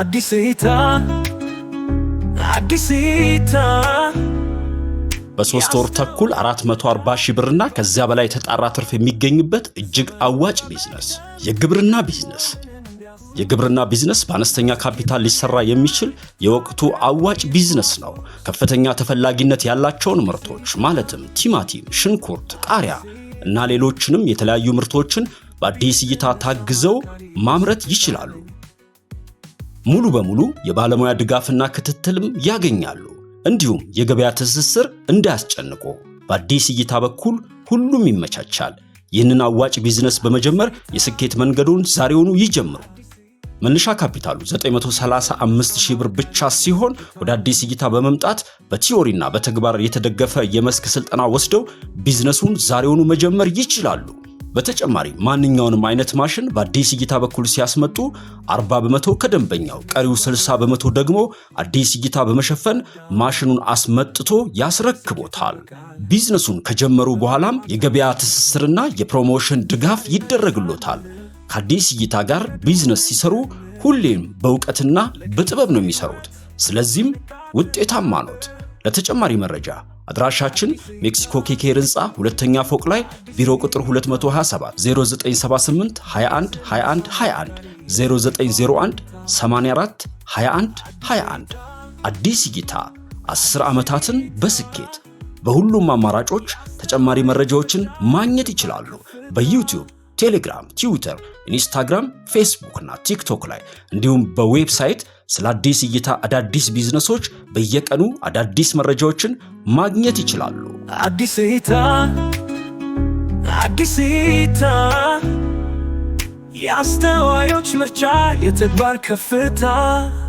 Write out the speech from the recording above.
አዲስ እይታ አዲስ እይታ በሶስት ወር ተኩል 440 ሺህ ብርና ከዚያ በላይ የተጣራ ትርፍ የሚገኝበት እጅግ አዋጭ ቢዝነስ የግብርና ቢዝነስ። የግብርና ቢዝነስ በአነስተኛ ካፒታል ሊሰራ የሚችል የወቅቱ አዋጭ ቢዝነስ ነው። ከፍተኛ ተፈላጊነት ያላቸውን ምርቶች ማለትም ቲማቲም፣ ሽንኩርት፣ ቃሪያ እና ሌሎችንም የተለያዩ ምርቶችን በአዲስ እይታ ታግዘው ማምረት ይችላሉ። ሙሉ በሙሉ የባለሙያ ድጋፍና ክትትልም ያገኛሉ። እንዲሁም የገበያ ትስስር እንዳያስጨንቆ በአዲስ እይታ በኩል ሁሉም ይመቻቻል። ይህንን አዋጭ ቢዝነስ በመጀመር የስኬት መንገዱን ዛሬውኑ ይጀምሩ። መነሻ ካፒታሉ 935 ብር ብቻ ሲሆን ወደ አዲስ እይታ በመምጣት በቲዮሪና በተግባር የተደገፈ የመስክ ስልጠና ወስደው ቢዝነሱን ዛሬውኑ መጀመር ይችላሉ። በተጨማሪ ማንኛውንም አይነት ማሽን በአዲስ እይታ በኩል ሲያስመጡ 40 በመቶ ከደንበኛው ቀሪው 60 በመቶ ደግሞ አዲስ እይታ በመሸፈን ማሽኑን አስመጥቶ ያስረክቦታል። ቢዝነሱን ከጀመሩ በኋላም የገበያ ትስስርና የፕሮሞሽን ድጋፍ ይደረግሎታል። ከአዲስ እይታ ጋር ቢዝነስ ሲሰሩ ሁሌም በእውቀትና በጥበብ ነው የሚሰሩት። ስለዚህም ውጤታማ ኖት። ለተጨማሪ መረጃ አድራሻችን ሜክሲኮ ኬኬ ህንፃ ሁለተኛ ፎቅ ላይ ቢሮ ቁጥር 227 0978 21 21 21 0901 84 21 21 አዲስ እይታ 10 ዓመታትን በስኬት በሁሉም አማራጮች ተጨማሪ መረጃዎችን ማግኘት ይችላሉ። በዩቲዩብ፣ ቴሌግራም፣ ትዊተር፣ ኢንስታግራም፣ ፌስቡክ እና ቲክቶክ ላይ እንዲሁም በዌብሳይት ስለ አዲስ እይታ፣ አዳዲስ ቢዝነሶች በየቀኑ አዳዲስ መረጃዎችን ማግኘት ይችላሉ። አዲስ እይታ፣ አዲስ እይታ፣ የአስተዋዮች ምርጫ፣ የተግባር ከፍታ